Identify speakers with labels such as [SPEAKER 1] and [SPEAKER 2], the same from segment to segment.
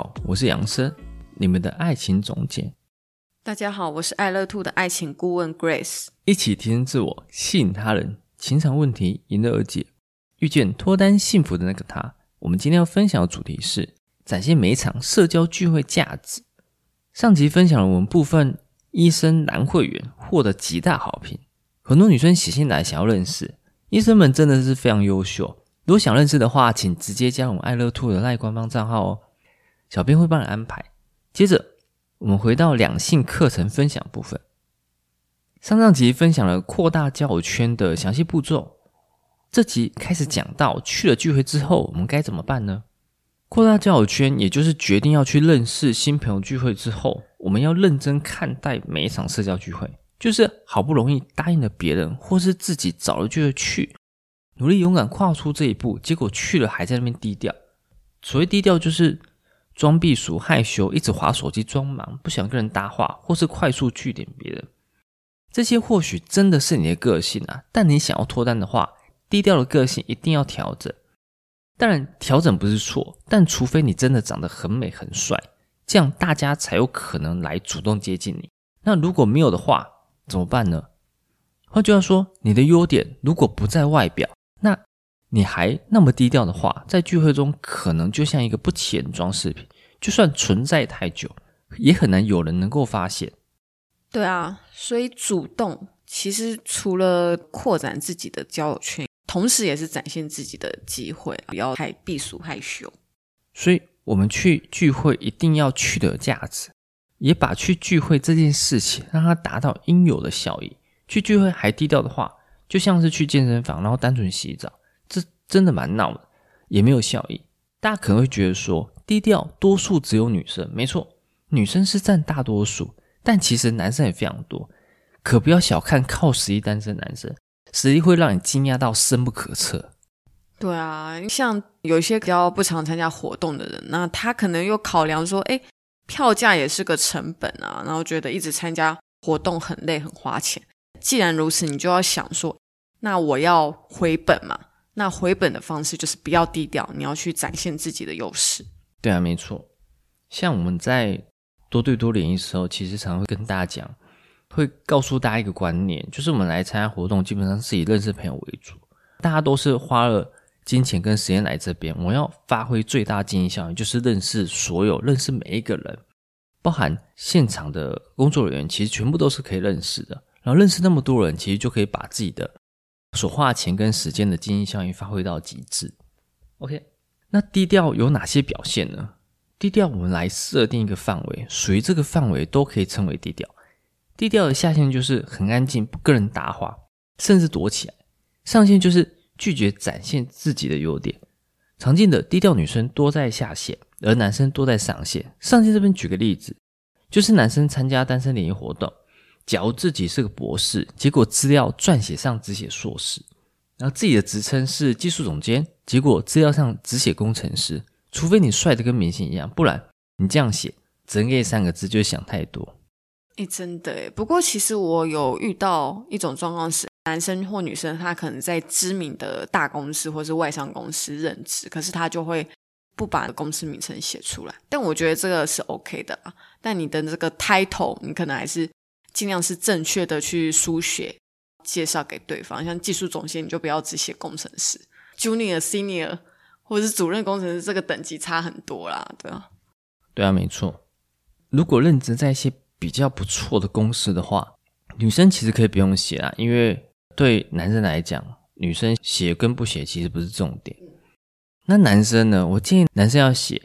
[SPEAKER 1] 好，我是楊生，你們的愛情總監。
[SPEAKER 2] 大家好，我是愛樂 Two 的愛情顧問 Grace，
[SPEAKER 1] 一起提升自我，吸引他人，情場問題迎刃而解，遇見脫單幸福的那個他。我們今天要分享的主題是展現每一場社交聚會價值。上集分享了我們部分醫生男會員獲得極大好評，很多女生寫信來想要認識醫生們，真的是非常優秀。如果想認識的話，請直接加我們愛樂 Two 的 Line 官方賬號哦。小編會幫你安排。接着，我們回到兩性課程分享部分。上上集分享了擴大交友圈的詳細步驟，這集開始講到去了聚會之後我們該怎麼辦呢？擴大交友圈，也就是決定要去認識新朋友聚會之後，我們要認真看待每一場社交聚會。就是好不容易答應了別人，或是自己找了聚會去，努力勇敢跨出這一步，結果去了還在那邊低調。所謂低調，就是。裝閉俗、害羞，一直滑手機、裝忙，不想跟人搭話，或是快速句點別人，這些或許真的是你的個性啊。但你想要脫單的話，低調的個性一定要調整。當然，調整不是錯，但除非你真的長得很美很帥，這樣大家才有可能來主動接近你。那如果沒有的話，怎麼辦呢？換句話說，你的優點如果不在外表。你還那麼低調的話，在聚會中可能就像一個不起眼的裝飾品，就算存在太久，也很難有人能夠發現。
[SPEAKER 2] 對啊，所以主動其實除了擴展自己的交友圈，同時也是展現自己的機會，不要太避俗害羞。
[SPEAKER 1] 所以我們去聚會一定要取得價值，也把去聚會這件事情讓它達到應有的效益。去聚會還低調的話，就像是去健身房然後單純洗澡。真的蠻鬧的，也沒有效益。大家可能會覺得說，低調，多數只有女生。沒錯，女生是佔大多數，但其實男生也非常多。可不要小看靠實力單身男生，實力會讓你驚訝到深不可測。
[SPEAKER 2] 對啊，像有些比較不常參加活動的人，那他可能又考量說，哎，票價也是個成本啊，然後覺得一直參加活動很累很花錢。既然如此，你就要想說，那我要回本嘛？那回本的方式就是不要低調，你要去展現自己的優勢。
[SPEAKER 1] 對啊，沒錯。像我們在多對多聯誼的時候，其實常常會跟大家講，會告訴大家一個觀念，就是我們來參加活動，基本上是以認識朋友為主。大家都是花了金錢跟時間來這邊，我要發揮最大的經營效益，就是認識所有、認識每一個人，包含現場的工作人員，其實全部都是可以認識的。然後認識那麼多人，其實就可以把自己的所花錢跟時間的經濟效應發揮到極致。OK，那低調有哪些表現呢？低調，我們來設定一個範圍，屬於這個範圍都可以稱為低調。低調的下限就是很安靜，不跟人搭話，甚至躲起來；上限就是拒絕展現自己的優點。常見的低調女生多在下限，而男生多在上限。上限這邊舉個例子，就是男生參加單身聯誼活動。假如自己是個博士，結果資料撰寫上只寫碩士，然後自己的職稱是技術總監，結果資料上只寫工程師。除非你帥得跟明星一樣，不然你這樣寫，只能給三個字，就會想太多。
[SPEAKER 2] 誒、欸，真的誒，不過其實我有遇到一種狀況是，男生或女生他可能在知名的大公司或是外商公司任職，可是他就會不把公司名稱寫出來。但我覺得這個是 OK 的啊。但你的這個 title，你可能還是。盡量是正確的去書寫，介紹給對方。像技術總監，你就不要只寫工程師，Junior、Senior，或者是主任工程師，這個等級差很多啦。對啊，
[SPEAKER 1] 對啊，沒錯。如果任職在一些比較不錯的公司的話，女生其實可以不用寫啦，因為對男生來講，女生寫跟不寫其實不是重點。那男生呢，我建議男生要寫。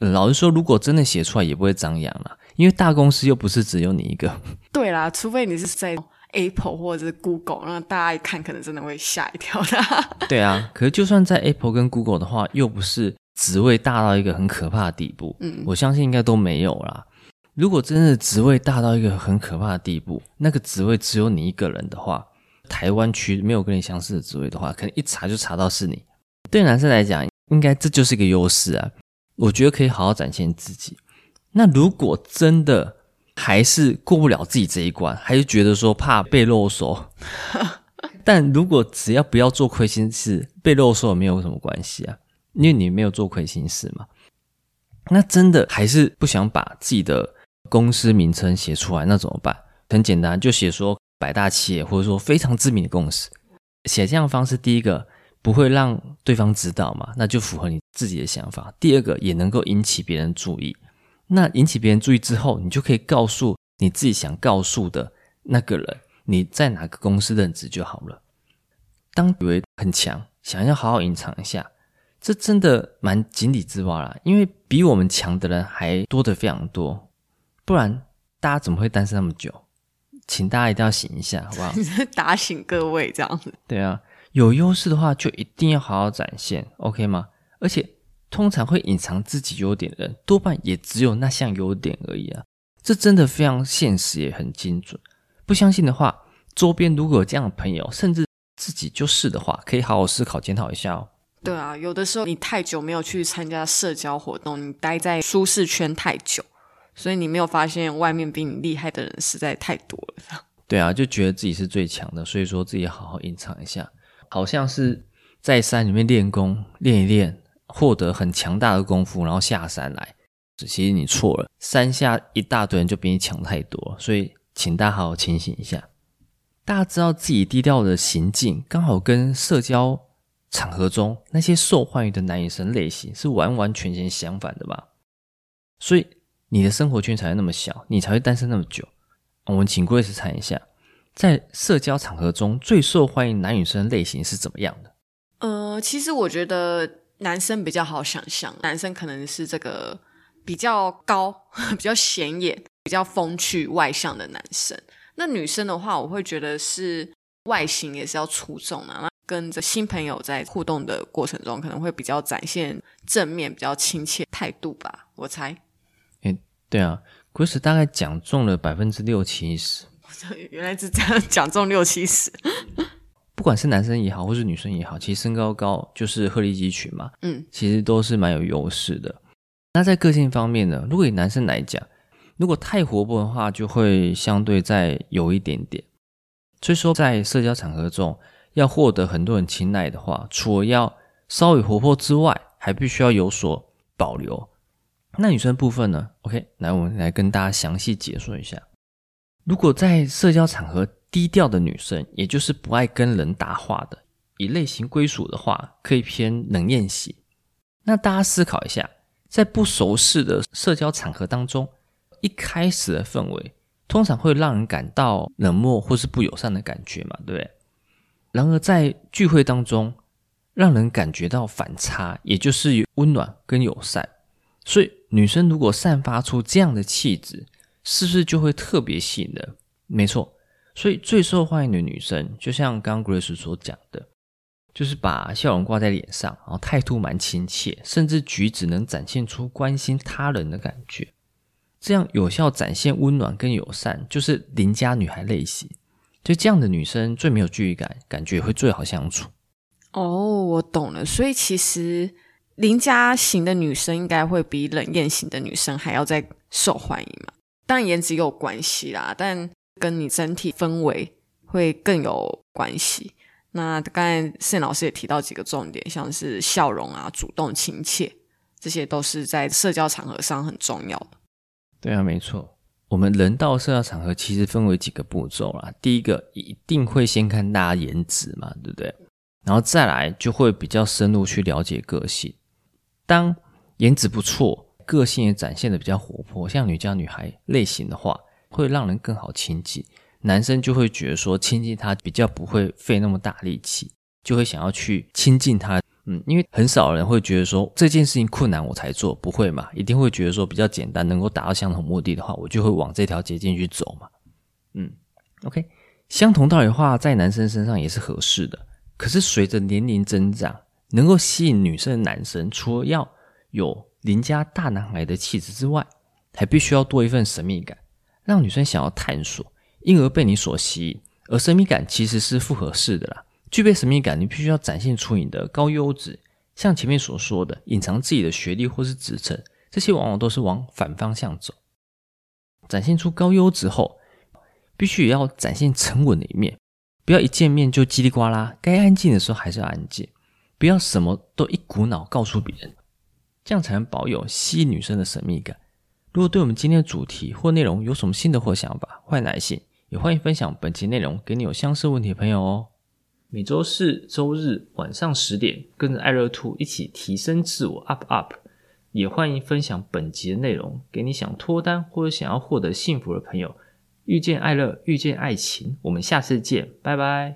[SPEAKER 1] 老實說，如果真的寫出來也不會張揚啦，因為大公司又不是只有你一個。
[SPEAKER 2] 對啦、啊，除非你是在 Apple 或者是 Google，那大家一看可能真的會嚇一跳的。
[SPEAKER 1] 對啊，可是就算在 Apple 跟 Google 的話，又不是職位大到一個很可怕的地步。嗯，我相信應該都沒有啦。如果真的職位大到一個很可怕的地步，嗯，那個職位只有你一個人的話，台灣區沒有跟你相似的職位的話，可能一查就查到是你。對男生來講，應該這就是一個優勢啊。我覺得可以好好展現自己。那如果真的。還是過不了自己這一關，還是覺得說怕被勒索。 但如果只要不要做虧心事，被勒索也沒有什麼關係啊，因為你沒有做虧心事嘛。那真的還是不想把自己的公司名稱寫出來，那怎麼辦？很簡單，就寫說“百大企業”或者說非常知名的公司。寫這樣的方式，第一個不會讓對方知道嘛，那就符合你自己的想法；第二個也能夠引起別人注意。那引起別人注意之後，你就可以告訴你自己想告訴的那個人，你在哪個公司任職就好了。當以為很強，想要好好隱藏一下，這真的蠻井底之蛙啦，因為比我們強的人還多得非常多。不然大家怎麼會單身那麼久？請大家一定要醒一下，好不
[SPEAKER 2] 好？打醒各位這樣子。
[SPEAKER 1] 對啊，有優勢的話就一定要好好展現，OK 嗎？而且。通常會隱藏自己優點的人，多半也只有那項優點而已啊！這真的非常現實，也很精準。不相信的話，周邊如果有這樣的朋友，甚至自己就是的話，可以好好思考檢討一下哦。
[SPEAKER 2] 對啊，有的時候你太久沒有去參加社交活動，你待在舒適圈太久，所以你沒有發現外面比你厲害的人實在太多了。
[SPEAKER 1] 對啊，就覺得自己是最強的，所以說自己好好隱藏一下，好像是在山裡面練功，練一練。獲得很強大的功夫，然後下山來，其實你錯了。山下一大堆人就比你強太多，所以請大家好好清醒一下。大家知道自己低調的行徑，剛好跟社交場合中那些受歡迎的男女生類型是完完全全相反的吧？所以你的生活圈才會那麼小，你才會單身那麼久。啊、我們請 Grace 猜一下，在社交場合中最受歡迎男女生的類型是怎麼樣的？
[SPEAKER 2] 呃，其實我覺得。男生比較好想象，男生可能是這個比較高，呵呵比較顯眼，比較風趣，外向的男生。那女生的話，我會覺得是外形也是要出眾的，那跟着新朋友在互動的過程中，可能會比較展現正面、比較親切態度吧。我猜。
[SPEAKER 1] 哎、欸，對啊，Chris 大概講中了百分之六七十。
[SPEAKER 2] 原來是這樣，講中六七十。
[SPEAKER 1] 不管是男生也好，或是女生也好，其實身高高就是鶴立雞群嘛，嗯，其實都是蠻有優勢的。那在個性方面呢，如果以男生來講，如果太活潑的話，就會相對再有一點點。所以說，在社交場合中，要獲得很多人青睞的話，除了要稍微活潑之外，還必須要有所保留。那女生的部分呢？OK，來，我們來跟大家詳細解說一下。如果在社交場合。低調的女生，也就是不愛跟人搭話的。以類型歸屬的話，可以偏冷豔型。那大家思考一下，在不熟識的社交場合當中，一開始的氛圍通常會讓人感到冷漠或是不友善的感覺嘛，對不對？然而在聚會當中，讓人感覺到反差，也就是溫暖跟友善。所以女生如果散發出這樣的氣質，是不是就會特別吸引人？沒錯。所以最受歡迎的女生，就像剛剛 Grace 所講的，就是把笑容掛在臉上，然後態度蠻親切，甚至舉止能展現出關心他人的感覺，這樣有效展現溫暖跟友善，就是鄰家女孩類型。就這樣的女生最沒有距離感，感覺也會最好相處。
[SPEAKER 2] 哦，我懂了。所以其實鄰家型的女生應該會比冷艷型的女生還要再受歡迎嘛？當然，顏值也有關係啦，但。跟你整體氛圍會更有關係。那剛才 Sam 老師也提到幾個重點，像是笑容啊、主動親切，這些都是在社交場合上很重要的。
[SPEAKER 1] 對啊，沒錯。我們人到社交場合其實分為幾個步驟啦。第一個一定會先看大家顏值嘛，對不對？然後再來就會比較深入去了解個性。當顏值不錯、個性也展現得比較活潑，像鄰家女孩類型的話。會讓人更好親近，男生就會覺得說親近他比較不會費那麼大力氣，就會想要去親近他。嗯，因為很少人會覺得說這件事情困難我才做，不會嘛，一定會覺得說比較簡單，能夠達到相同目的的話，我就會往這條捷徑去走嘛。嗯，OK，相同道理的話在男生身上也是合適的。可是隨着年齡增長，能夠吸引女生的男生，除了要有鄰家大男孩的氣質之外，還必須要多一份神秘感。讓女生想要探索，因而被你所吸引。而神秘感其實是複合式的啦。具備神秘感，你必須要展現出你的高優質。像前面所說的，隱藏自己的學歷或是職稱，這些往往都是往反方向走。展現出高優質後，必須也要展現沉穩的一面，不要一見面就嘰里呱啦。該安靜的時候還是要安靜，不要什麼都一股腦告訴別人，這樣才能保有吸引女生的神秘感。如果對我們今天的主題或內容有什麼心得或想法，歡迎來信，也歡迎分享本集內容給你有相似問題的朋友哦。每周四、周日晚上十點，跟着愛樂 Two 一起提升自我，up up。也歡迎分享本集的內容給你想脫單或者想要獲得幸福的朋友。遇見愛樂，遇見愛情。我們下次見，拜拜。